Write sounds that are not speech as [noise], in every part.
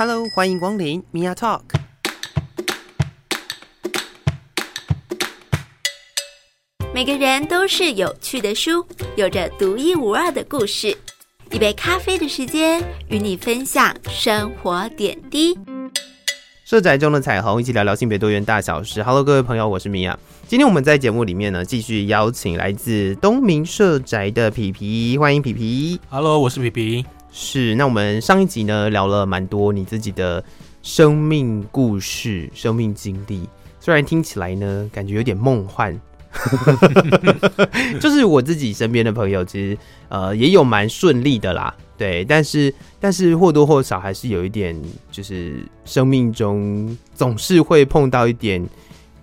Hello，歡迎光臨 Mia Talk。每個人都是有趣的書，有着獨一無二的故事。一杯咖啡的時間，與你分享生活點滴。社宅中的彩虹，一起聊聊性別多元大小事。Hello，各位朋友，我是 Mia。今天我們在節目裡面呢，繼續邀請來自東明社宅的皮皮，歡迎皮皮。Hello，我是皮皮。是，那我們上一集呢聊了蠻多你自己的生命故事、生命經歷，雖然聽起來呢感覺有點夢幻， [laughs] 就是我自己身邊的朋友其實呃也有蠻順利的啦，對，但是但是或多或少還是有一點，就是生命中總是會碰到一點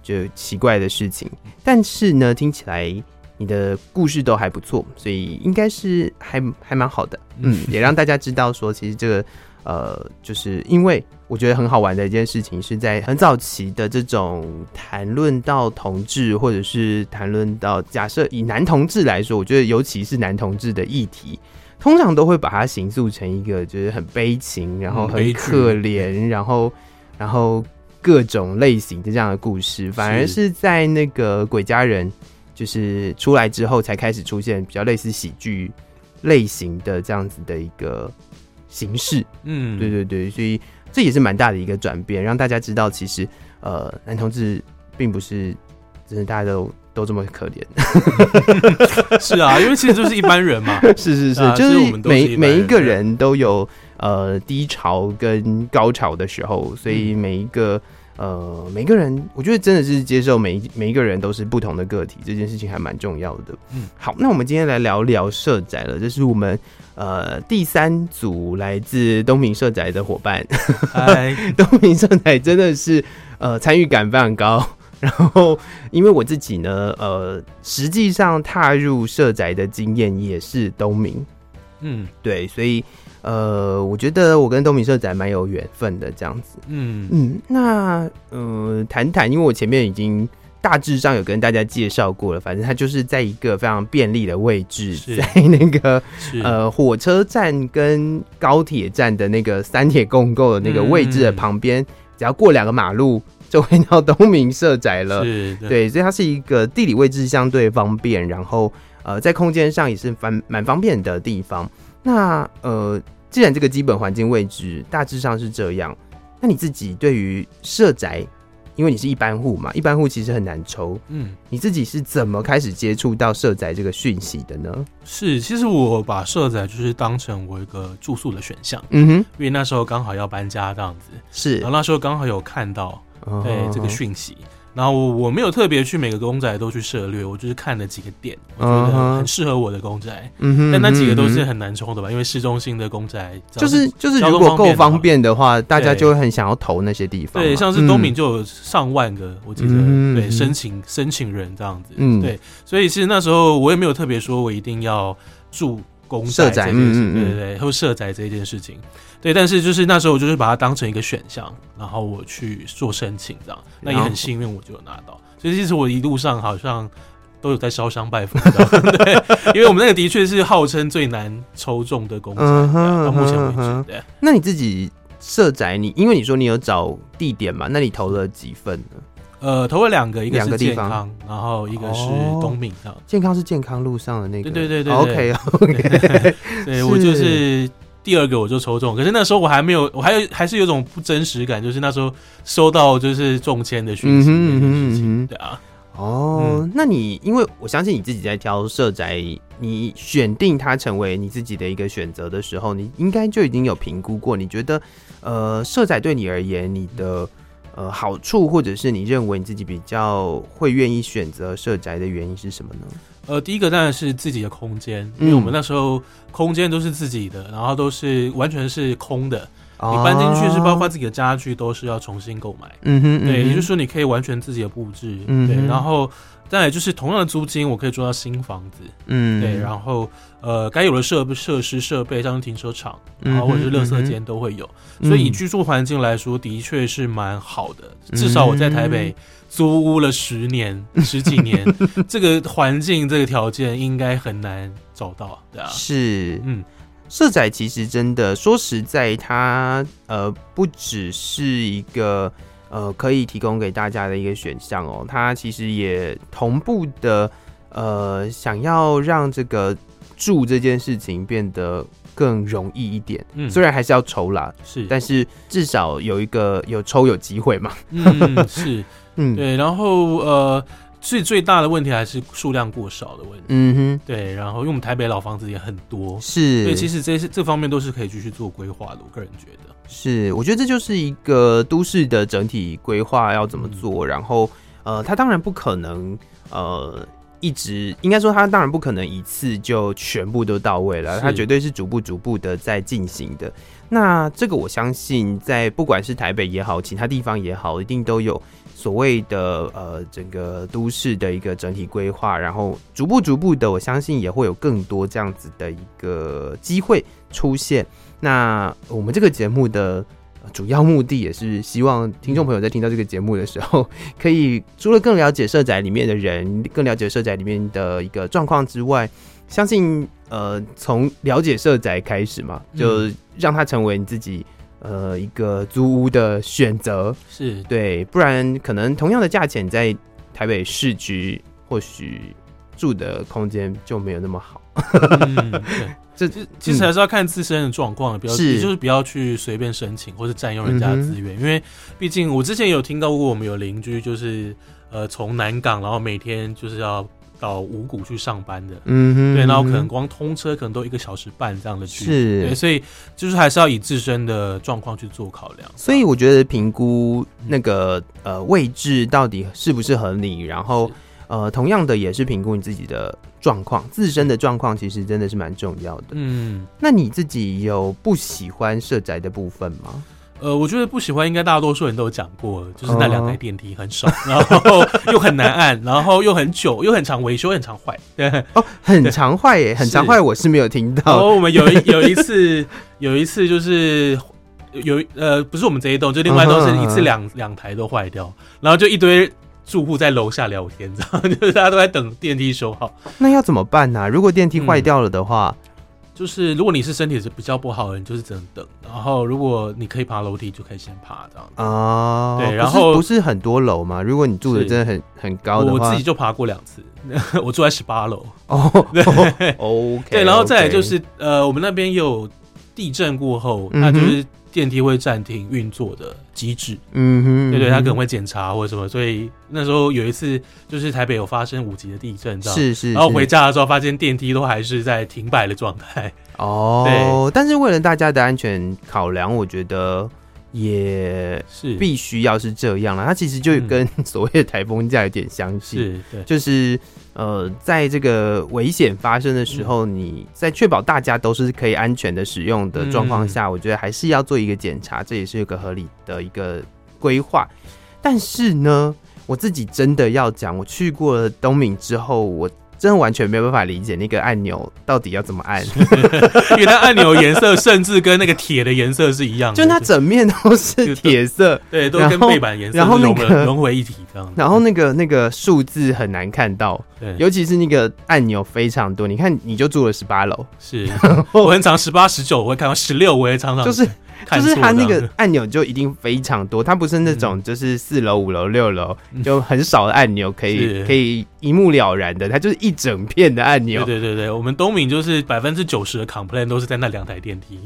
就奇怪的事情，但是呢聽起來。你的故事都還不錯，所以應該是還還蠻好的， [laughs] 嗯，也讓大家知道說，其實這個呃，就是因為我覺得很好玩的一件事情，是在很早期的這種談論到同志，或者是談論到假設以男同志來說，我覺得尤其是男同志的議題，通常都會把它形塑成一個就是很悲情，然後很可憐，嗯、然後然後各種類型的這樣的故事，反而是在那個鬼家人。就是出來之後，才開始出現比較類似喜劇類型的這樣子的一個形式。嗯，對對對，所以這也是蠻大的一個轉變，讓大家知道，其實呃，男同志並不是真的大家都都這麼可憐。嗯、 [laughs] 是啊，因為其實就是一般人嘛。 [laughs] 是是是，啊、就是每、其實我們都是一般人，每一個人都有呃低潮跟高潮的時候，所以每一個。呃，每個人，我覺得真的是接受每每一個人都是不同的個體這件事情還蠻重要的。嗯，好，那我們今天來聊聊社宅了，這是我們呃第三組來自東明社宅的夥伴。哎、 [laughs] 東明社宅真的是呃參與感非常高，然後因為我自己呢，呃，實際上踏入社宅的經驗也是東明。嗯，對，所以。呃，我覺得我跟東明社宅蠻有緣分的，這樣子。嗯嗯，那呃，談談，因為我前面已經大致上有跟大家介紹過了，反正它就是在一個非常便利的位置，是在那個是呃火車站跟高鐵站的那個三鐵共構的那個位置的旁邊，嗯、只要過兩個馬路就會到東明社宅了。是的對，所以它是一個地理位置相對方便，然後呃，在空間上也是蠻蠻方便的地方。那呃。既然這個基本環境位置大致上是這樣，那你自己對於社宅，因為你是一般戶嘛，一般戶其實很難抽，嗯，你自己是怎麼開始接觸到社宅這個訊息的呢？是，其實我把社宅就是當成我一個住宿的選項，嗯哼，因為那時候剛好要搬家這樣子，是，然後那時候剛好有看到，哦，對這個訊息。然後我,我沒有特別去每個公宅都去涉獵，我就是看了幾個點，我覺得很適合我的公宅、嗯、哼但那幾個都是很難充的吧？因為市中心的公宅。就是就是，就是、如果夠方便的話，對大家就會很想要投那些地方。對，像是東明就有上萬個，嗯、我記得對申請申請人這樣子。嗯、對，所以其實那時候我也沒有特別說我一定要住。公宅這宅、嗯嗯、對對對，社宅這件事情，對，但是就是那時候我就是把它當成一個選項，然後我去做申請這樣，那也很幸運我就有拿到，後所以其實我一路上好像都有在燒香拜佛的， [laughs] 對，因為我們那個的確是號稱最難抽中的公設 [laughs] 到目前為止。嗯嗯嗯嗯嗯、那你自己設宅你，你因為你說你有找地點嘛？那你投了幾份呢？呃，投了兩個，一個是健康，然後一個是東明。哦、樣健康是健康路上的那個。對，對對對對。哦、OK OK 對。 [laughs] 對是我就是第二個，我就抽中。可是那時候我還沒有，我還有還是有種不真實感，就是那時候收到就是中籤的訊息嗯。嗯，嗯對啊。哦、嗯、那你因為我相信你自己在挑社宅，你選定它成為你自己的一個選擇的時候，你應該就已經有評估過，你覺得呃社宅對你而言你的。嗯呃，好處或者是你認為你自己比較會願意選擇社宅的原因是什麼呢？呃，第一個當然是自己的空間，嗯、因為我們那時候空間都是自己的，然後都是完全是空的。你搬進去是包括自己的家具都是要重新購買，嗯哼，嗯哼，對，也就是說你可以完全自己的佈置，嗯、哼對，然後再來就是同樣的租金，我可以租到新房子，嗯哼，對，然後呃，該有的設設施設備，像是停車場啊，然後或者是垃圾間都會有，嗯哼、嗯哼，所以以居住環境來說，的確是蠻好的。嗯、哼至少我在台北租屋了十年、嗯、哼十幾年， [laughs] 這個環境這個條件應該很難找到，對啊，是，嗯。社宅其實真的說實在，它，呃不只是一個呃可以提供給大家的一個選項哦，喔，它其實也同步的呃想要讓這個住這件事情變得更容易一點。嗯，雖然還是要抽啦，是，但是至少有一個有抽有機會嘛。嗯，是， [laughs] 嗯，對，然後呃。最最大的問題還是數量過少的問題。嗯哼，對。然後，因為我們台北老房子也很多，是。所以，其實這是這方面都是可以繼續做規劃的。我個人覺得，是。我覺得這就是一個都市的整體規劃要怎麼做。嗯、然後，呃，它當然不可能，呃，一直應該說它當然不可能一次就全部都到位了。是它絕對是逐步逐步的在進行的。那這個我相信，在不管是台北也好，其他地方也好，一定都有。所謂的呃，整個都市的一個整體規劃，然後逐步逐步的，我相信也會有更多這樣子的一個機會出現。那我們這個節目的主要目的也是希望聽眾朋友在聽到這個節目的時候，可以除了更了解社宅裡面的人，更了解社宅裡面的一個狀況之外，相信呃，從了解社宅開始嘛，就讓它成為你自己呃，一個租屋的選擇是對，不然可能同樣的價錢在台北市區，或許住的空間就沒有那麼好。 [laughs] 嗯、對這、嗯、其實還是要看自身的狀況比較就是不要去隨便申請或是占用人家資源，嗯、哼因為畢竟我之前有聽到過，我們有鄰居就是呃從南港，然後每天就是要。到五股去上班的，嗯哼，對，那我可能光通車可能都一個小時半這樣的距離，是對，所以就是還是要以自身的狀況去做考量。所以我覺得評估那個、嗯、呃位置到底適不適合你，然後是呃同樣的也是評估你自己的狀況，自身的狀況其實真的是蠻重要的。嗯，那你自己有不喜歡社宅的部分嗎？呃，我覺得不喜歡，應該大多數人都有講過，就是那兩台電梯很爽、oh. 然後又很難按， [laughs] 然後又很久，又很長，維修很常壞。對，哦，oh, 很常壞耶，對是很常壞，我是沒有聽到。哦，我們有一有一次， [laughs] 有一次就是有呃，不是我們這一棟，就另外一棟，是一次兩兩、uh huh, uh huh. 台都壞掉，然後就一堆住戶在樓下聊天，知道就是大家都在等電梯修好。那要怎麼辦呢、啊？如果電梯壞掉了的話？嗯就是如果你是身體是比較不好的、的人，就是只能等。然後如果你可以爬樓梯，就可以先爬這樣子啊。Oh, 對，然後不是，不是很多樓嗎？如果你住的真的很是很高的話，我自己就爬過兩次。 [laughs] 我住在十八樓哦。Oh, okay, okay. 對，然後再來就是 Okay. 呃，我們那邊有地震過後，那，mm hmm. 就是。電梯會暫停運作的機制，嗯哼，嗯哼，對,對對，他可能會檢查或者什麼，所以那時候有一次，就是台北有發生五級的地震，是是，是是，然後回家的時候發現電梯都還是在停擺的狀態，哦，對，但是為了大家的安全考量，我覺得。也是必須要是這樣了，它其實就跟所謂的台風假有點相似，是，對。就是呃，在這個危險發生的時候，你在確保大家都是可以安全的使用的狀況下，我覺得還是要做一個檢查，這也是一個合理的一個規劃。但是呢，我自己真的要講，我去過東明之後，我。真的完全沒有辦法理解那個按鈕到底要怎麼按，因為它按鈕顏色甚至跟那個鐵的顏色是一樣的。就它整面都是鐵色，對，都跟背板顏色融融為一體這樣。然後那個那個數字很難看到，對尤其是那個按鈕非常多。你看，你就住了十八樓，是，我很常十八十九，19，我會看到十六，我也常常看就是就是它那個按鈕就一定非常多，它不是那種就是四樓五樓六樓就很少的按鈕可以可以。是可以一目了然的，它就是一整片的按鈕。對對對，我們東明就是百分之九十的 complain 都是在那兩台電梯。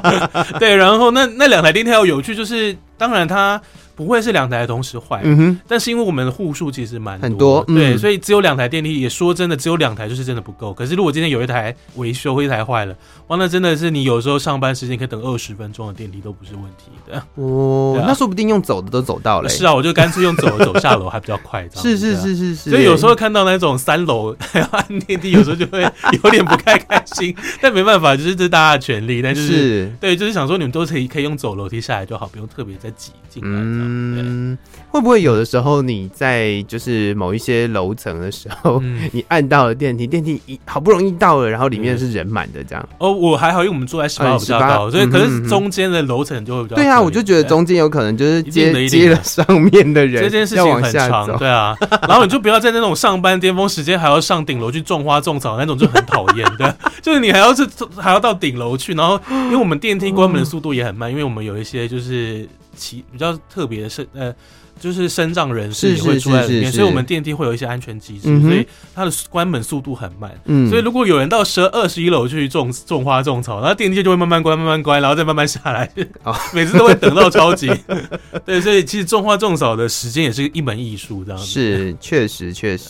[laughs] 對，然後那那兩台電梯還有,有趣，就是當然它不會是兩台同時壞，嗯哼，但是因為我們的戶數其實蠻多，多嗯、對，所以只有兩台電梯，也說真的只有兩台就是真的不夠。可是如果今天有一台維修，一台壞了，哇，那真的是你有時候上班時間可以等二十分鐘的電梯都不是問題的。哦，啊、那說不定用走的都走到了、欸。是啊，我就乾脆用走的走下樓還比較快。 [laughs] 是是是是是,是，所以有時候。看到那種三樓還要按電梯，有時候就會有點不太開心。 [laughs] 但沒辦法，就是這是大家的權利。但、就是，是對，就是想說你們都可以可以用走樓梯下來就好，不用特別再擠進來這樣子。嗯。會不會有的時候你在就是某一些樓層的時候，嗯、你按到了電梯，電梯一好不容易到了，然後裡面是人滿的這樣。嗯、哦，我還好，因為我們住在十八、十八比較高，所以嗯哼嗯哼，可是中間的樓層就會比較。對啊，我就覺得中間有可能就是接一一接了上面的人，這件事情很長。對啊， [laughs] 然後你就不要在那種上班巔峰時間還要上頂樓去種花種草那種就很討厭 [laughs] 對。就是你還要是還要到頂樓去，然後因為我們電梯關門的速度也很慢，嗯、因為我們有一些就是其，比較特別的呃。就是身障人士也會出來，所以我們電梯會有一些安全機制，是是是是，所以它的關門速度很慢。嗯，所以如果有人到十二十一樓去種種花、種草，那電梯就會慢慢關、慢慢關，然後再慢慢下來。好，哦、每次都會等到超級。 [laughs] 對，所以其實種花種草的時間也是一門藝術，這樣子是確實確實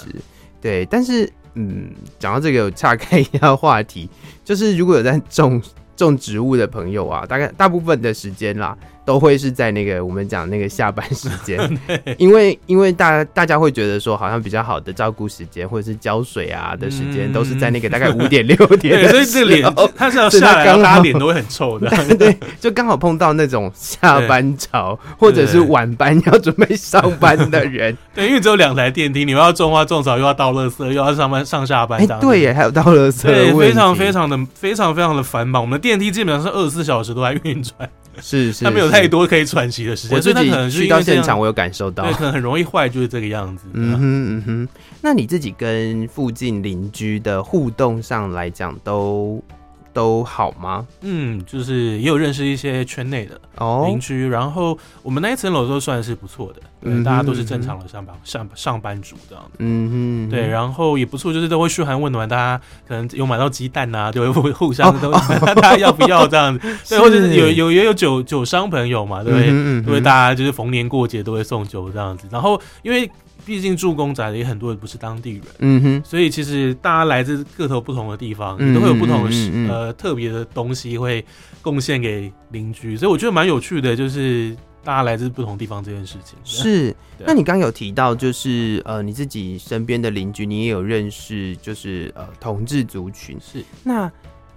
對。但是，嗯，講到這個，我岔開一下話題，就是如果有在種。種植物的朋友啊，大概大部分的時間啦，都會是在那個我們講那個下班時間 [laughs] 對，因為因為大大家會覺得說好像比較好的照顧時間，或者是澆水啊的時間，嗯、都是在那個大概五點六點的，所以這裡哦，他 [laughs] 是要下來要拉臉都會很臭的，對，就剛好碰到那種下班潮，對對對對，或者是晚班要準備上班的人，對、對、對、對， [laughs] 對，因為只有兩台電梯，你們要種花種草，又要倒垃圾，又要上班上下班，哎、欸，對耶，還有倒垃圾，對，非常非常的非常非常的繁忙，我們。電梯基本上是二十四小時都在運轉，是，是是，它沒有太多可以喘息的時間。我最近可能去到現場，我有感受到，對，可能很容易壞，就是這個樣子。嗯哼，嗯哼。那你自己跟附近鄰居的互動上來講都。都好嗎？嗯，就是也有認識一些圈內的鄰居，oh? 然後我們那一層樓都算是不錯的，對，嗯、哼哼，大家都是正常的上班、上上班族這樣，嗯哼哼，對，然後也不錯，就是都會噓寒問暖，大家可能有買到雞蛋啊，就會互相都問、oh、大家要不要這樣子， [laughs] 是對，或者是有有也有,有酒酒商朋友嘛，對不、嗯、對？因為大家就是逢年過節都會送酒這樣子，然後因為。畢竟住公宅的也很多人不是當地人，嗯哼，所以其實大家來自各頭不同的地方，都會有不同的呃特別的東西會貢獻給鄰居，所以我覺得蠻有趣的，就是大家來自不同地方這件事情。是，那你剛有提到就是呃你自己身邊的鄰居，你也有認識就是呃同志族群是。那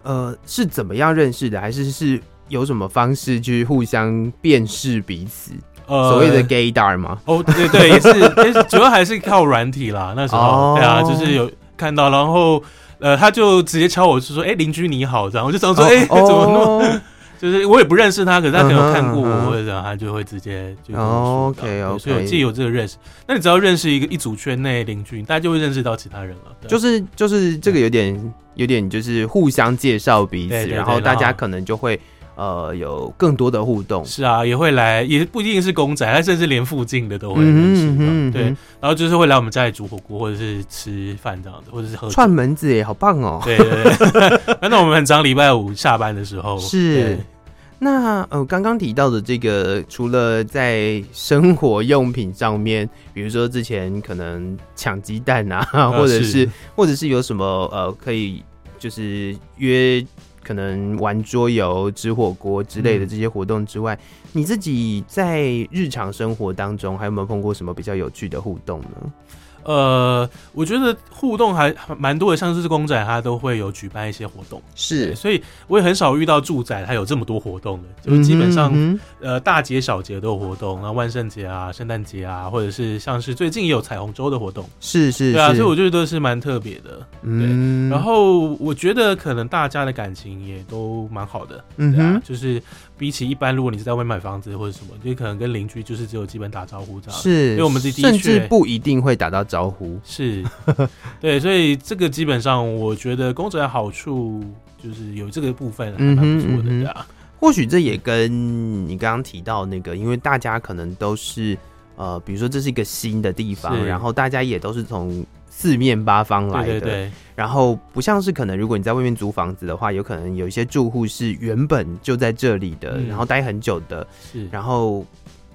呃是怎麼樣認識的，還是是有什麼方式去互相辨識彼此？呃，所謂的 gaydar 嘛哦，oh, 對,對對，也是，也是，主要還是靠軟體啦。那時候， [laughs] 對啊，就是有看到，然後呃，他就直接敲我，是說：“哎、欸，鄰居你好。”然後我就想說：“哎、oh, 欸，怎麼弄？” oh. 就是我也不認識他，可是他有看過我、uh huh. 或者怎樣，他就會直接就、oh, OK o、okay. 所以我自己有這個認識，那你只要認識一個一組圈內鄰居，大家就會認識到其他人了。就是就是這個有點、嗯、有點就是互相介紹彼此，對對對，然後大家可能就會。呃，有更多的互動是啊，也會來，也不一定是公宅，他甚至連附近的都會認識，嗯哼，嗯哼對，然後就是會來我們家裡煮火鍋，或者是吃飯這樣子，或者是喝串門子，也好棒哦、喔！對對對， [laughs] [laughs] 那我們很常禮拜五下班的時候是對那呃，剛剛提到的這個，除了在生活用品上面，比如說之前可能搶雞蛋啊，或者是、呃、是或者是有什麼呃，可以就是約。可能玩桌遊、吃火鍋之類的這些活動之外，嗯，你自己在日常生活當中還有沒有碰過什麼比較有趣的互動呢？呃，我覺得互動還蠻多的，像是公仔，他都會有舉辦一些活動，是，所以我也很少遇到住宅，他有這麼多活動的，就是基本上，嗯嗯、呃，大節小節都有活動，那萬聖節啊、聖誕節啊，或者是像是最近也有彩虹週的活動，是，是是，對啊，所以我覺得都是蠻特別的，嗯、對。然後我覺得可能大家的感情也都蠻好的，對啊、嗯，嗯，就是比起一般，如果你是在外買房子或者什麼，就可能跟鄰居就是只有基本打招呼這樣，是，因為我們自己的確甚至不一定會打到招呼。是對，所以這個基本上我覺得工作的好處就是有這個部分，嗯，蠻不錯的這樣。嗯，或許這也跟你剛剛提到的那個，因為大家可能都是呃，比如說這是一個新的地方，是然後大家也都是從四面八方來的，對對對，然後不像是可能如果你在外面租房子的話，有可能有一些住戶是原本就在這裡的，嗯，然後待很久的，是然後。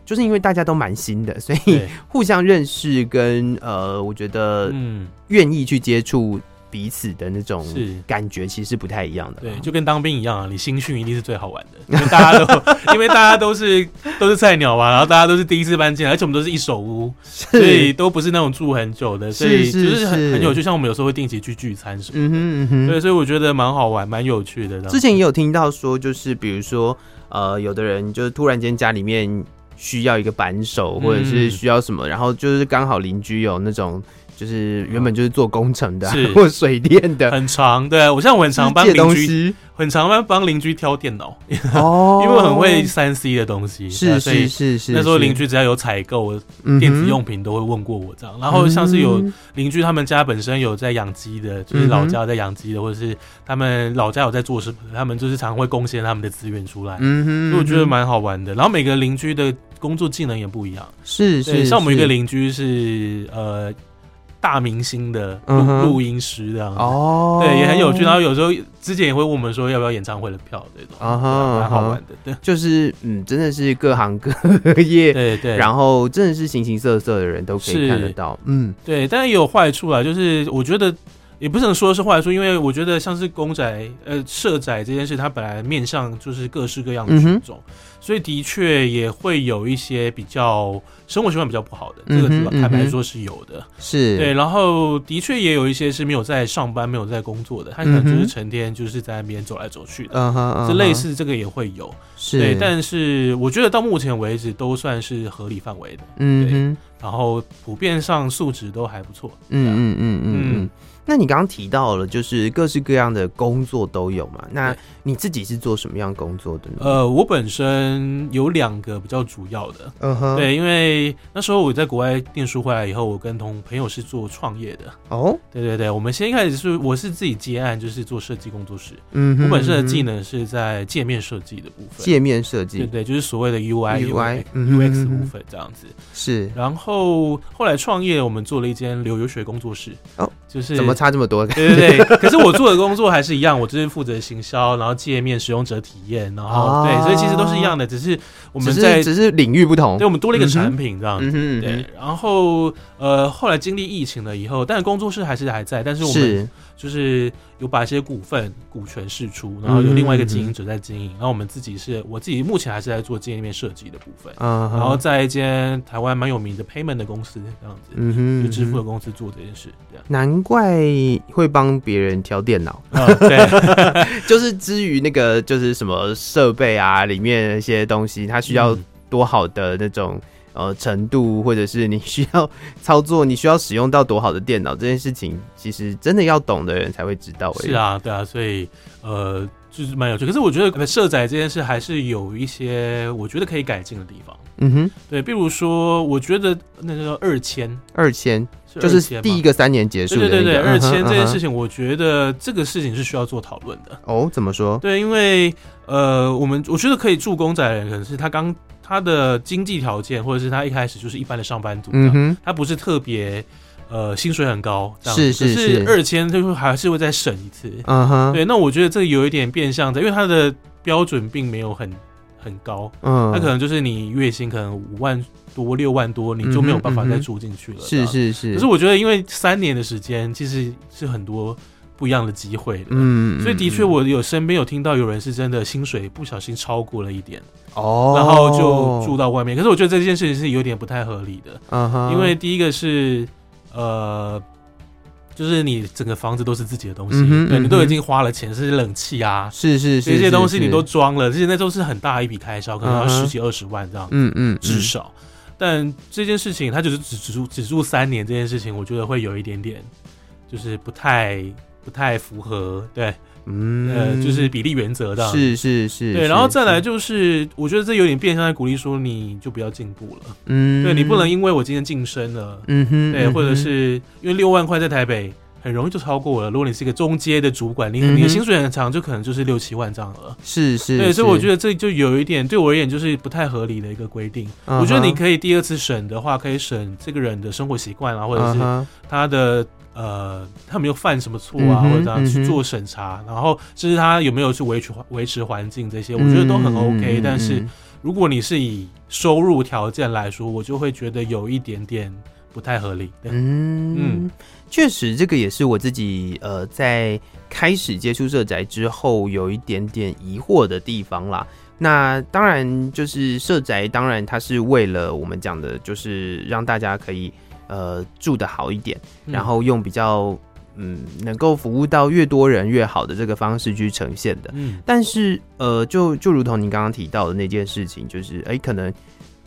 就是因為大家都蠻新的，所以對互相認識跟呃，我覺得嗯，願意去接觸彼此的那種感覺，是其實是不太一樣的。對，就跟當兵一樣啊，你新訓一定是最好玩的，因為大家都 [laughs] 因為大家都是都是菜鳥嘛，然後大家都是第一次搬進來，而且我們都是一手屋，是所以都不是那種住很久的，所以就是很很有趣。像我們有時候會定期去聚餐什麼，嗯哼嗯哼，對，所以我覺得蠻好玩，蠻有趣的。之前也有聽到說，就是比如說呃，有的人就是突然間家裡面。需要一個扳手，或者是需要什麼，嗯、然後就是剛好鄰居有那種，就是原本就是做工程的、啊，是或水電的，很常，對、啊，我像我很常幫鄰居，很常幫幫鄰居挑電腦，哦，因為我很會三 C 的東西，是，是是是是，啊、那時候鄰居只要有採購電子用品，都會問過我這樣，然後像是有鄰居他們家本身有在養雞的，就是老家在養雞的，嗯、哼或者是他們老家有在做什麼，他們就是常會貢獻他們的資源出來，嗯哼，所以我覺得蠻好玩的，然後每個鄰居的。工作技能也不一樣，是是，是。像我們一個鄰居是，是，是呃大明星的錄、嗯、哼音師這樣子哦，對，也很有趣。然後有時候之前也會問我們說要不要演唱會的票這種，啊哈，蠻、嗯嗯、好玩的。對，就是嗯，真的是各行各業，對，對對。然後真的是形形色色的人都可以看得到，是嗯，對。但是也有壞處啊，就是我覺得。也不能說實話來說，因為我覺得像是公宅，呃社宅這件事，它本來面向就是各式各樣的群眾，嗯、哼所以的確也會有一些比較生活習慣比較不好的，嗯嗯、這個坦白說是有的。是、嗯、哼對，然後的確也有一些是沒有在上班、沒有在工作的，他可能就是成天就是在那邊走來走去的，這、嗯、哼類似這個也會有。嗯、哼對是，對，但是我覺得到目前為止都算是合理範圍的。嗯，對，嗯、哼然後普遍上素質都還不錯。嗯嗯嗯嗯。對對對那你剛剛提到了，就是各式各樣的工作都有嘛？那你自己是做什麼樣工作的呢？呃，我本身有兩個比較主要的，嗯哼、uh，huh. 對，因為那時候我在國外念書回來以後，我跟同朋友是做創業的哦。Oh? 對對對，我們先一開始是我是自己接案，就是做設計工作室。嗯、mm，hmm. 我本身的技能是在界面設計的部分，界面設計，對,對對，就是所謂的 UI、UI、UX 部分這樣子。是、mm，hmm. 然後後來創業，我們做了一間留遊學工作室哦，oh? 就是差這麼多，對對對。可是我做的工作還是一樣，我就是負責行銷， [laughs] 然後界面、使用者體驗，然後、啊、對，所以其實都是一樣的，只是我們在只是，只是領域不同，對，我們多了一個產品這樣、嗯、哼對。然後呃，後來經歷疫情了以後，但是工作室還是還在，但是我們。就是有把一些股份、股權釋出，然後有另外一個經營者在經營，嗯嗯嗯，然後我們自己是，我自己目前還是在做界面設計的部分，嗯哼，然後在一間台灣蠻有名的 payment 的公司這樣子，嗯哼嗯，就支付的公司做這件事這，難怪會幫別人挑電腦，嗯，對， [laughs] 就是至於那個就是什麼設備啊，裡面那些東西，它需要多好的那種。呃，程度，或者是你需要操作，你需要使用到多好的電腦，這件事情其實真的要懂的人才會知道。是啊，對啊，所以呃。就是蠻有趣，可是我覺得社宅這件事還是有一些我覺得可以改進的地方。嗯哼，對，比如說，我覺得那個二千二千，是就是第一個三年結束的，那個，對，對，對對。二千這件事情，我覺得這個事情是需要做討論的。哦，嗯，怎麼說？對，因為呃，我們我覺得可以住公宅的人，可能是他剛他的經濟條件，或者是他一開始就是一般的上班族，嗯哼他不是特別。呃，薪水很高，這樣子。是是是，可是二千最後還是會再審一次，嗯哼、uh，huh. 對。那我覺得這有一點變相的，因為它的標準並沒有很很高，嗯、uh，那、huh. 可能就是你月薪可能五萬多六萬多，你就沒有辦法再住進去了，uh huh. 是是是。可是我覺得，因為三年的時間其實是很多不一樣的機會嗯，uh huh. 所以的確，我有身邊有聽到有人是真的薪水不小心超過了一點，哦、uh，huh. 然後就住到外面。可是我覺得這件事情是有點不太合理的，嗯哼、uh，huh. 因為第一個是。呃，就是你整個房子都是自己的東西，嗯、哼對，你都已經花了錢，嗯、哼是冷氣啊，是是，是，是這些東西你都裝了，其實那都是很大一筆開銷，可能要十幾二十萬這樣嗯，嗯嗯，嗯，至少。但這件事情，他就是只只住只住三年，這件事情，我覺得會有一點點，就是不太不太符合，對。嗯，呃，就是比例原則的，是是是，對，然後再來就是，我覺得這有點變相在鼓勵說，你就不要進步了，嗯，對，你不能因為我今天晉升了，嗯哼，對，或者是因為六萬塊在台北很容易就超過我了，如果你是一個中階的主管，你、嗯哼，你的薪水很長，就可能就是六七萬這樣了，是是，是對，所以我覺得這就有一點對我而言就是不太合理的一個規定，啊哈，我覺得你可以第二次審的話，可以審這個人的生活習慣啊，或者是他的。呃，他沒有犯什麼錯啊？或者怎樣去做審查？嗯嗯、然後，這是他有沒有去維持維持環境這些，我覺得都很 OK、嗯哼。但是，如果你是以收入條件來說，我就會覺得有一點點不太合理。嗯，嗯確實，這個也是我自己呃，在開始接觸社宅之後有一點點疑惑的地方啦。那當然，就是社宅，當然它是為了我們講的，就是讓大家可以。呃，住得好一點，然後用比較嗯能夠服務到越多人越好的這個方式去呈現的，嗯、但是呃，就就如同您剛剛提到的那件事情，就是誒，可能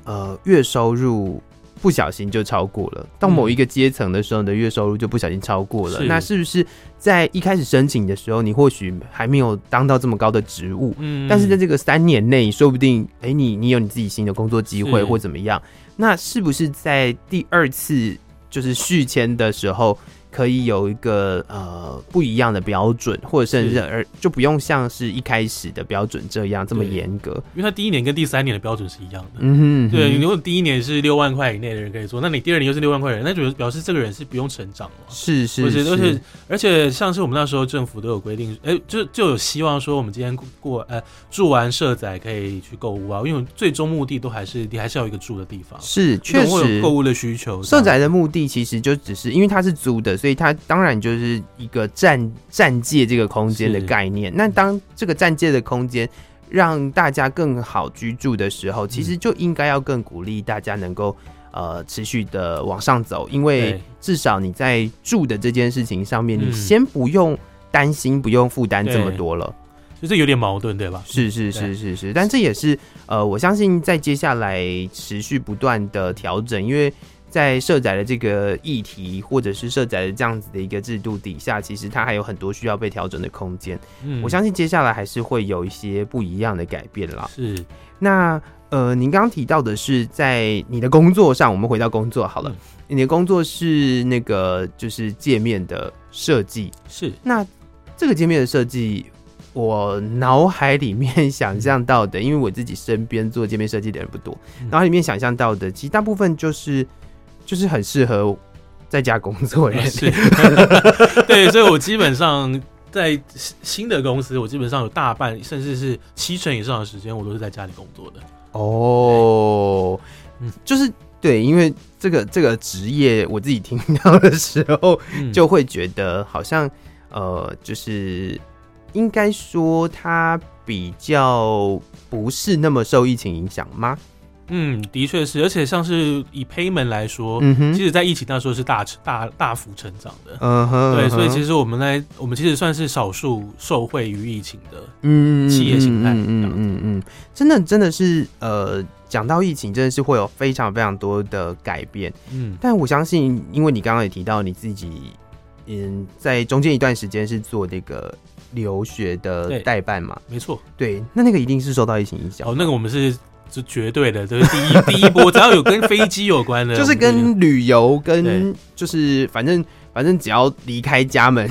呃月收入。不小心就超過了，到某一個階層的時候，你的月收入就不小心超過了。嗯，那是不是在一開始申請的時候，你或許還沒有當到這麼高的職務？嗯，但是在這個三年內，說不定，誒、欸，你你有你自己新的工作機會或怎麼樣？是。那是不是在第二次就是續簽的時候？可以有一個呃不一樣的標準，或者是，是而就不用像是一開始的標準這樣對這麼嚴格，因為他第一年跟第三年的標準是一樣的。嗯哼哼，對，你如果第一年是六萬塊以內的人可以租，那你第二年又是六萬塊人，那就表示這個人是不用成長了。是是是，而且像是我們那時候政府都有規定，哎、欸，就就有希望說我們今天過呃住完社宅可以去購屋啊，因為最終目的都還是你還是要一個住的地方，是確實購屋的需求。社宅的目的其實就只是因為它是租的。所以它當然就是一個暫、暫借這個空間的概念。是那當這個暫借的空間讓大家更好居住的時候，嗯、其實就應該要更鼓勵大家能夠呃持續的往上走，因為至少你在住的這件事情上面，對你先不用擔心，不用負擔這麼多了。所以這有點矛盾，對吧？是是是是是，對但這也是呃，我相信在接下來持續不斷的調整，因為。在社宅的這個議題，或者是社宅的這樣子的一個制度底下，其實它還有很多需要被調整的空間。嗯，我相信接下來還是會有一些不一樣的改變啦。是，那呃，您剛剛提到的是在你的工作上，我們回到工作好了。嗯、你的工作是那個就是界面的設計。是，那這個界面的設計，我腦海裡面是想象到的，因為我自己身邊做界面設計的人不多，腦海裡面想象到的，其實大部分就是。就是很適合在家工作也是， [laughs] 對，所以我基本上在新的公司， [laughs] 我基本上有大半甚至是七成以上的時間，我都是在家裡工作的。哦，對嗯，就是對，因為這個這個職業，我自己聽到的時候，就會覺得好像、嗯、呃，就是應該說它比較不是那麼受疫情影響嗎？嗯，的確是，而且像是以 Pay 門來說，嗯哼，其實在疫情那時候是大成大大幅成長的，嗯哼、uh，huh. 對，所以其實我們來，我們其實算是少數受惠於疫情的嗯，嗯，企業形態，嗯嗯嗯，真的真的是，呃，講到疫情，真的是會有非常非常多的改變，嗯，但我相信，因為你剛剛也提到你自己，嗯，在中間一段時間是做這個留學的代辦嘛，沒錯，對，那那個一定是受到疫情影響，哦，那個我們是。是絕對的，這是第一 [laughs] 第一波，只要有跟飛機有關的，就是跟旅遊，跟對就是反正反正只要離開家門。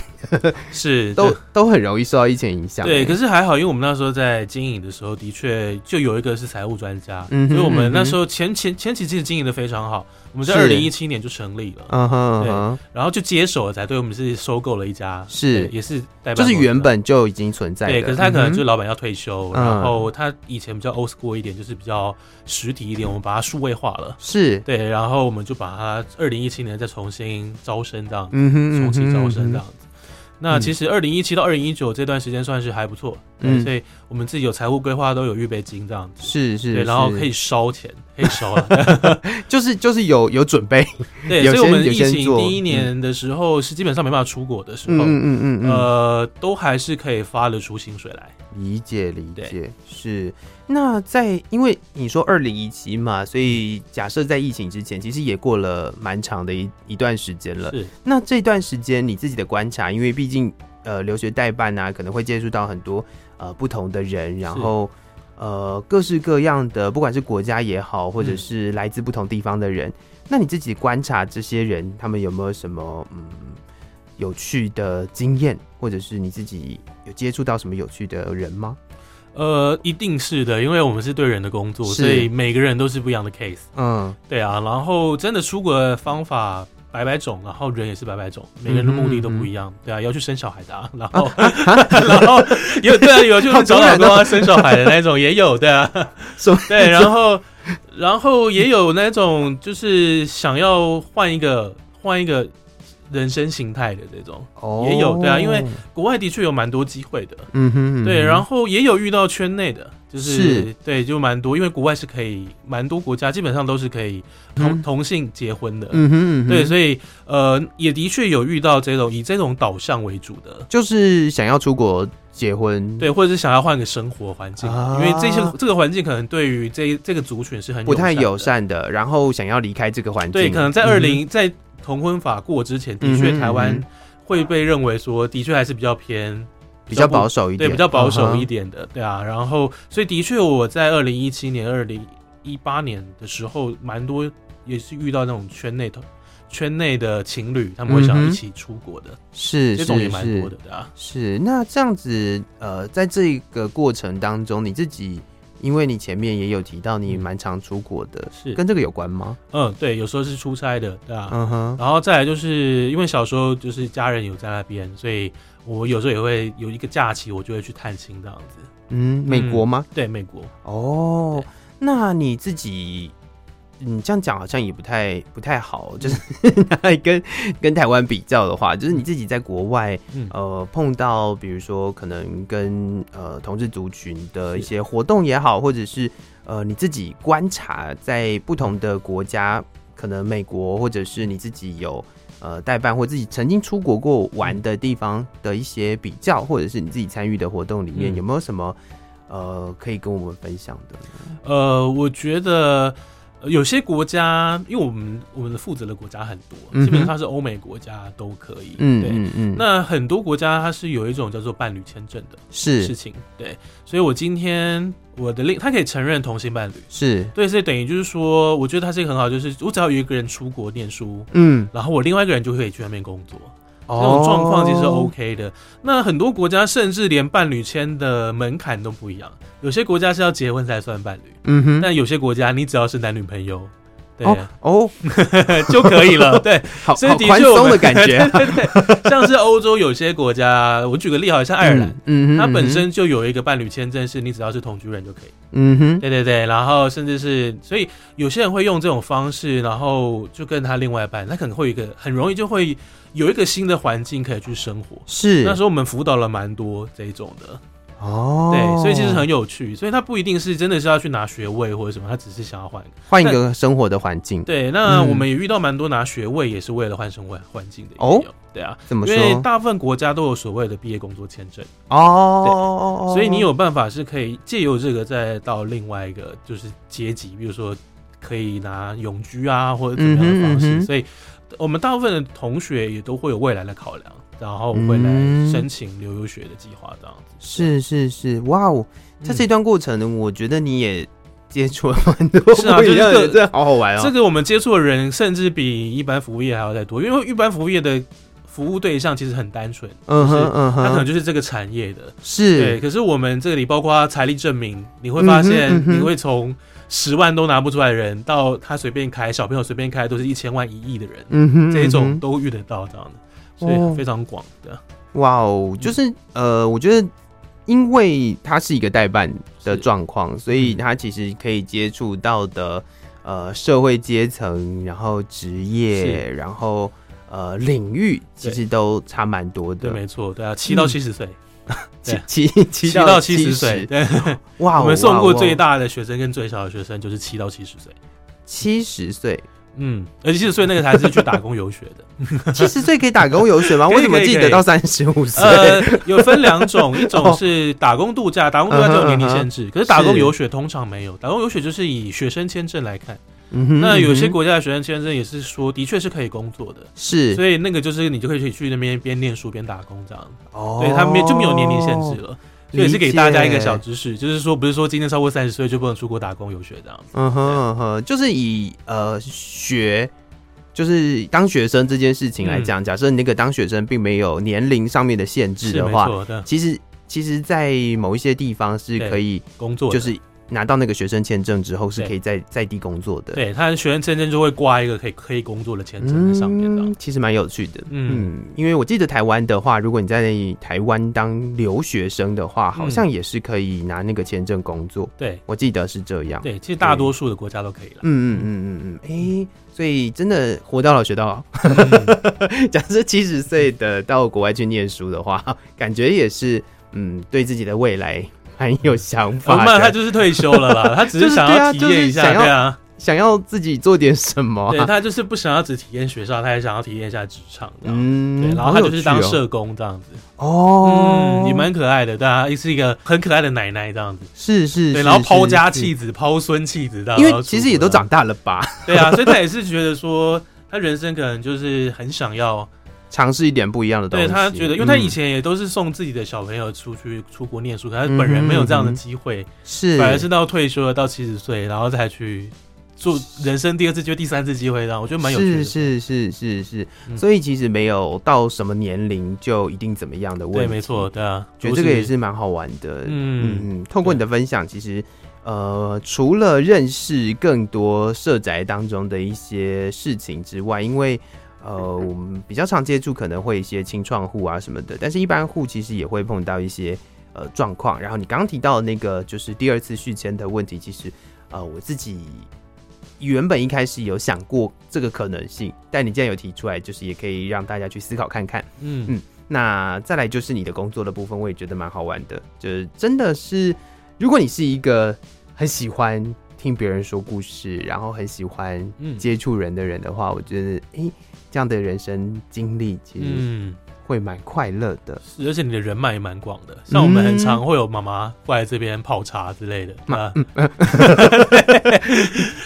是，都都很容易受到疫情影響。對，可是還好，因為我們那時候在經營的時候，的確就有一個是財務專家。嗯，因為我們那時候前前前期其實經營的非常好，我們在二零一七年就成立了。嗯哼，對，然後就接手了才對。我們是收購了一家，是也是代表。就是原本就已經存在的。對，可是他可能就是老闆要退休，然後他以前比較 old school 一點，就是比較實體一點。我們把它數位化了，是對，然後我們就把它二零一七年再重新招生這樣，嗯哼，重新招生這樣。那其實二零一七到二零一九這段時間算是還不錯，嗯，所以我們自己有財務規劃，都有預備金這樣子，是是是，對，然後可以燒錢，是是可以燒， [laughs] 就是，就是就是有有準備。對，有先有先做，所以我們疫情第一年的時候是基本上沒辦法出國的時候，嗯嗯嗯嗯，嗯嗯嗯呃，都還是可以發得出薪水來，理解理解，是。那在因為你說二零一七嘛，所以假設在疫情之前，其實也過了蠻長的一一段時間了。是那這段時間你自己的觀察，因為畢竟呃留學代辦啊，可能會接觸到很多呃不同的人，然後是呃各式各樣的，不管是國家也好，或者是來自不同地方的人。嗯、那你自己觀察這些人，他們有沒有什麼嗯有趣的經驗，或者是你自己有接觸到什麼有趣的人嗎？呃，一定是的，因為我們是對人的工作，是所以每個人都是不一樣的 case。嗯，對啊，然後真的出國的方法百百種，然後人也是百百種，每個人的目的都不一樣，嗯嗯對啊，要去生小孩的、啊，然後、啊啊啊、 [laughs] 然後有對啊，有就是找老公啊生小孩的那種也有的，對，啊、對，然後然後也有那種就是想要換一個換一個。人生形態的這種、哦、也有對啊，因為國外的確有蠻多機會的，嗯哼，嗯哼，對，然後也有遇到圈內的，就是，是對，就蠻多，因為國外是可以蠻多國家基本上都是可以同、嗯、同性結婚的，嗯哼，嗯哼，對，所以呃也的確有遇到這種以這種導向為主的，就是想要出國結婚，對，或者是想要換個生活環境，啊、因為這些這個環境可能對於這這個族群是很不太友善的，然後想要離開這個環境，對，可能在二零、嗯、哼在。同婚法過之前，的確台灣會被認為說的確還是比較偏，比較，比較保守一點，對，比較保守一點的，嗯、哼對啊。然後，所以的確，我在二零一七年、二零一八年的時候，蠻多也是遇到那種圈內的圈內的情侶，他們會想要一起出國的，是是、這種也蠻多的，對啊。是是是是，是。那這樣子，呃，在這個過程當中，你自己，因為你前面也有提到你蠻常出國的，是跟這個有關嗎？嗯，對，有時候是出差的，對啊，嗯哼，然後再來就是因為小時候就是家人有在那邊，所以我有時候也會有一個假期，我就會去探親這樣子。嗯，美國嗎？嗯、對，美國。哦，對那你自己。你這樣講好像也不太不太好，就是 [laughs] 跟跟台灣比較的話，就是你自己在國外，嗯、呃，碰到比如說可能跟呃同志族群的一些活動也好，或者是呃你自己觀察在不同的國家，嗯、可能美國或者是你自己有呃代辦，或自己曾經出國過玩的地方的一些比較，嗯、或者是你自己參與的活動裡面、嗯、有沒有什麼呃可以跟我們分享的？呃，我覺得。有些國家，因為我們我們的負責的國家很多，基本上是歐美國家都可以。嗯嗯嗯。對嗯嗯，那很多國家它是有一種叫做伴侶簽證的，是事情。是對，所以我今天我的另他可以承認同性伴侶，是對，所以等於就是說，我覺得它這個很好，就是我只要有一個人出國念書，嗯，然後我另外一個人就可以去外面工作。這種狀況其實 OK 的，哦，那很多國家甚至連伴侶簽的門檻都不一樣，有些國家是要結婚才算伴侶，嗯哼，但有些國家你只要是男女朋友。哦對哦，哦 [laughs] 就可以了。 [laughs] 對好，好，好寬鬆的感覺、啊。 [laughs] 對，對對，像是歐洲有些國家，我舉個例好，好像愛爾蘭、嗯，嗯哼，它本身就有一個伴侶簽證，是你只要是同居人就可以。嗯哼，對對對，然後甚至是，所以有些人會用這種方式，然後就跟他另外一半，他可能會一個很容易就會有一個新的環境可以去生活。是，那時候我們輔導了蠻多這一種的。哦，對，所以其實很有趣，所以他不一定是真的是要去拿學位或者什麼，他只是想要換換一個生活的環境。對，那我們也遇到蠻多拿學位也是為了換生活環境的哦。對啊，怎麼說？因為大部分國家都有所謂的畢業工作簽證哦，對哦哦。所以你有辦法是可以借由這個再到另外一個就是階級，比如說可以拿永居啊或者怎麼樣的方式。嗯哼嗯哼，所以我們大部分的同學也都會有未來的考量。然後我會來申請留遊學的計劃，這樣子、嗯、對是是是，哇哦！在這，這段過程，我覺得你也接觸了，蠻多。是啊，覺、就、得、是、這個、好好玩哦、啊。這個我們接觸的人，甚至比一般服務業還要再多，因為一般服務業的服務對象其實很單純，嗯哼。嗯，他可能就是這個產業的，是、uh huh, uh huh. 對。是可是我們這裡包括財力證明，你會發現，你會從十萬都拿不出來的人，uh huh, uh huh. 到他隨便開小朋友隨便開都是一千萬一億的人，嗯哼、uh，huh, uh huh. 這種都遇得到這樣的。所以非常廣的，哇哦！就是、嗯、呃，我覺得，因為他是一個代辦的狀況，是所以他其實可以接觸到的呃社會階層，然後職業，是然後呃領域，其實都差蠻多的對。對，沒錯，對啊，七到七十歲，嗯、 [laughs] 對七七七到七十歲，對，哇 Wow, [laughs] 我們送過最大的學生跟最小的學生就是七到七十歲，七十歲。嗯，而且七十歲那個才是去打工遊學的。七十歲可以打工遊學嗎？我怎 [laughs] 麼記得到三十五歲？呃，有分兩種，一種是打工度假，oh. 打工度假就有年齡限制，uh huh. 可是打工遊學通常沒有。是打工遊學就是以學生簽證來看，uh huh. 那有些國家的學生簽證也是說，的確是可以工作的，是、uh，huh. 所以那個就是你就可以去去那邊邊念書邊打工這樣。哦，oh. 對，他沒就沒有年齡限制了。所以是給大家一個小知識，就是說，不是說今天超過三十歲就不能出國打工遊學這樣子。嗯哼嗯哼，就是以呃學，就是當學生這件事情來講，嗯、假設你那個當學生並沒有年齡上面的限制的話，其實其實，其實在某一些地方是可以工作，就是。拿到那個學生簽證之後，是可以在對在地工作的。對，他的學生簽證就會掛一個可以可以工作的簽證在上面的。嗯、其實蠻有趣的，嗯，嗯，因為我記得台灣的話，如果你在台灣當留學生的話，好像也是可以拿那個簽證工作。對，我記得是這樣。對，其實大多數的國家都可以啦。嗯嗯嗯嗯嗯。哎、嗯欸，所以真的活到老學到老。 [laughs] 假設七十歲的到國外去念書的話，感覺也是嗯對自己的未來。很有想法，媽、呃，他就是退休了啦，他只是想要體驗一下， [laughs] 對啊，想要自己做點什麼，啊。對，他就是不想要只體驗學校，他也想要體驗一下職場嗯。對，然後他就是當社工這樣子。哦，你，嗯、也蠻可愛的，大家，啊，也是一個很可愛的奶奶這樣子。是是、是，對，然後拋家棄子，拋孫棄子的，這樣子因為其實也都長大了吧？ [laughs] 對啊，所以他也是覺得說，他人生可能就是很想要。嘗試一點不一樣的東西。對他覺得，因為他以前也都是送自己的小朋友出去出國念書，嗯、可是他本人沒有這樣的機會，是、嗯，反而是到退休了到70，到七十歲，然後再去做人生第二次、就第三次機會。然後我覺得蠻有趣的。是是是是，是是是是嗯、所以其實沒有到什麼年齡就一定怎麼樣的問題。對，沒錯，對啊，覺得這個也是蠻好玩的。嗯，嗯，對，透過你的分享，其實呃，除了認識更多社宅當中的一些事情之外，因為。呃，我們比較常接觸可能會一些青創戶啊什麼的，但是一般戶其實也會碰到一些呃狀況。然後你剛剛提到的那個就是第二次續簽的問題，其實呃我自己原本一開始有想過這個可能性，但你既然有提出來，就是也可以讓大家去思考看看。嗯嗯，那再來就是你的工作的部分，我也覺得蠻好玩的，就是真的是如果你是一個很喜歡聽別人說故事，然後很喜歡接觸人的人的話，嗯、我覺得誒。這樣的人生經歷其實會蠻快樂的，嗯、是而且你的人脈也蠻廣的。像我們很常會有媽媽過來這邊泡茶之類的，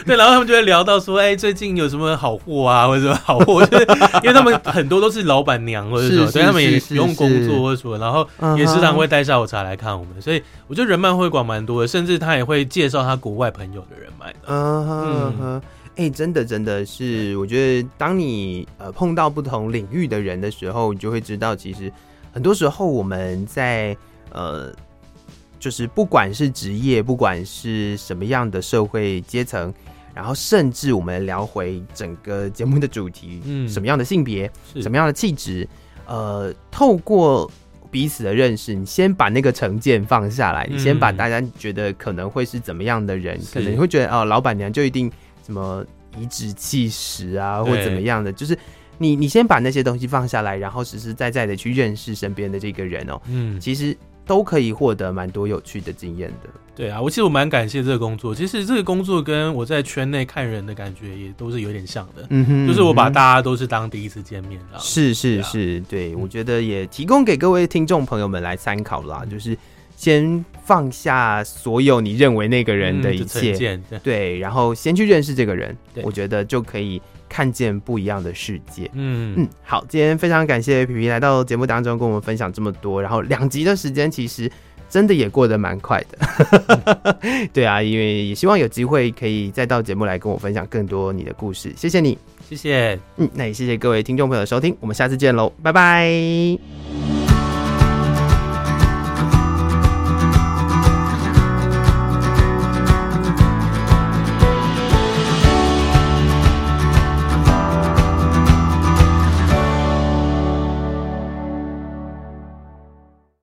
對，然後他們就會聊到說：“哎、欸，最近有什麼好貨啊，或者什麼好貨、 [laughs] 就是？”因為他們很多都是老闆娘或者什麼，是是是是是所以他們也不用工作或者什麼，是是是然後也時常會帶下午茶來看我們。嗯、哼所以我覺得人脈會廣蠻多的，甚至他也會介紹他國外朋友的人脈。嗯哼。嗯哎、欸，真的，真的是，我覺得當你呃碰到不同領域的人的時候，你就會知道，其實很多時候我們在呃，就是不管是職業，不管是什麼樣的社會階層，然後甚至我們聊回整個節目的主題，嗯，什麼樣的性別，是什麼樣的氣質，呃，透過彼此的認識，你先把那個成見放下來，嗯、你先把大家覺得可能會是怎麼樣的人，是可能你會覺得哦、呃，老闆娘就一定。什麼以指氣勢啊，或怎麼樣的？對就是你，你先把那些東西放下來，然後實實在在的去認識身邊的這個人哦、喔。嗯，其實都可以獲得蠻多有趣的經驗的。對啊，我其實我蠻感謝這個工作。其實這個工作跟我在圈內看人的感覺也都是有點像的。嗯哼嗯，就是我把大家都是當第一次見面了。是，是是是，對，嗯、我覺得也提供給各位聽眾朋友們來參考啦。就是。先放下所有你認為那個人的一切，嗯、就成見，對、對，然後先去認識這個人，對我覺得就可以看見不一樣的世界。嗯嗯，好，今天非常感謝皮皮來到節目當中跟我們分享這麼多，然後兩集的時間其實真的也過得蠻快的。 [laughs] 對啊，因為也希望有機會可以再到節目來跟我分享更多你的故事。謝謝你，謝謝，嗯，那也謝謝各位聽眾朋友的收聽，我們下次見嘍，拜拜。